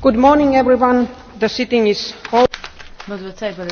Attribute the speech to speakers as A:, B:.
A: Good morning everyone, the sitting
B: is over.